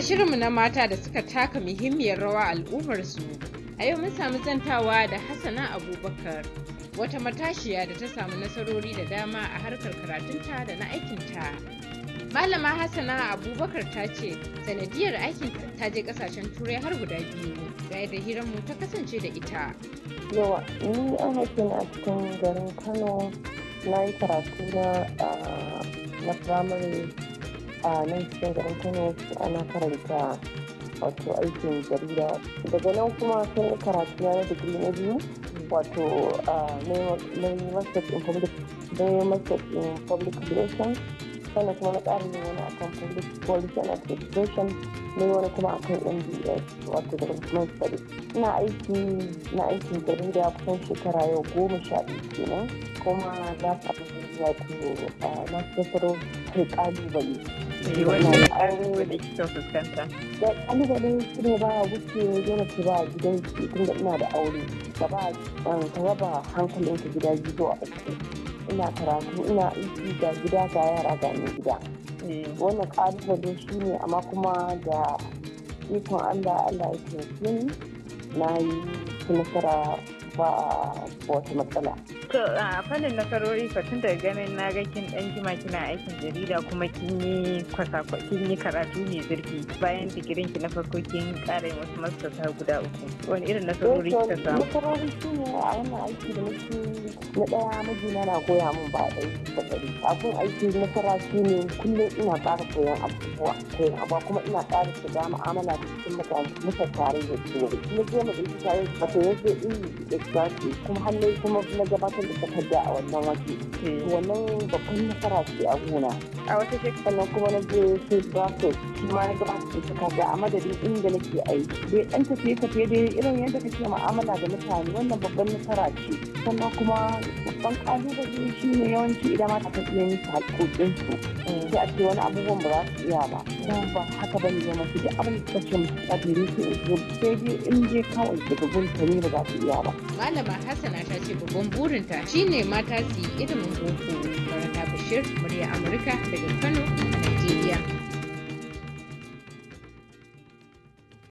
A shirinmu na mata da suka taka muhimmiyar rawa al'ummarsu, a yau mun samu zantawa da Hassana Abubakar, wata matashiya da ta samu nasarori da dama a harkar karatunta da na aikinta. Malama Hassana Abubakar ta ce, sanadiyar aikin ta je kasashen turai har guda biyu, ga da hiranmu ta kasance da ita. Yawa, ni an haife a cikin garin Kano na yi karatu na ah, na firamare a nan cikin garin kano ana karanta wato aikin jarida daga nan kuma sun yi karatu na digiri na biyu wato ah, na yi in public relations sannan kuma na tsarin yin wani akan public policy and administration na wani kuma akan mbs wato da development studies ina aiki na aikin jarida kusan shekara yau goma sha biyu kenan kuma na faɗi wato na fasaro kai ƙalubale wannan ƙalubale kika fuskanta da ƙalubale su ne ba a wuce ne dole ki ba gidan ki tunda ina da aure Ba ba ka raba hankalinka gida biyu a uku ina karatu ina aiki ga gida ga yara ga ni gida mm. wannan ƙalubale shi ne amma kuma da ikon allah allah ya taimake na yi nasara ba wata matsala. To a fannin nasarori fa tun ganin na ga kin dan jima kina aikin jarida kuma kin yi kin yi karatu ne zurfi bayan digirin ki na farko kin kara yin wasu masarauta guda uku. Wani irin nasarori kika samu? Eh, nasarori shi ne a wannan aiki da nake na daya maji na goya min ba da da ɗari. Abun aiki nasara shi ne kullum ina ƙara koyon abubuwa koyon abuwa kuma ina ƙara shiga mu'amala da cikin mutane mutane da su. Na je mu ɗauki tare da ta yanzu lissafi kuma hannun kuma na gabatar da takarda a wannan waje eh. wannan babban nasara ce a gona a wata shekara kuma na je su shi na gaba su suka ga a madadin inda nake aiki bai dan tafiye tafiye dai irin yadda kake mu'amala da mutane wannan babban nasara ce sannan kuma babban kalubale shi ne yawanci idan ma ta tafiye ta hakokin su sai a ce wani abubuwan ba za su iya ba kuma ba haka ba ne masu ji abin da kake a gari su sai dai in je kawai daga gunta ne ba za su iya ba. Malama Hassana ta ce babban burinta shine mata su yi ilimin boko. María Amorica de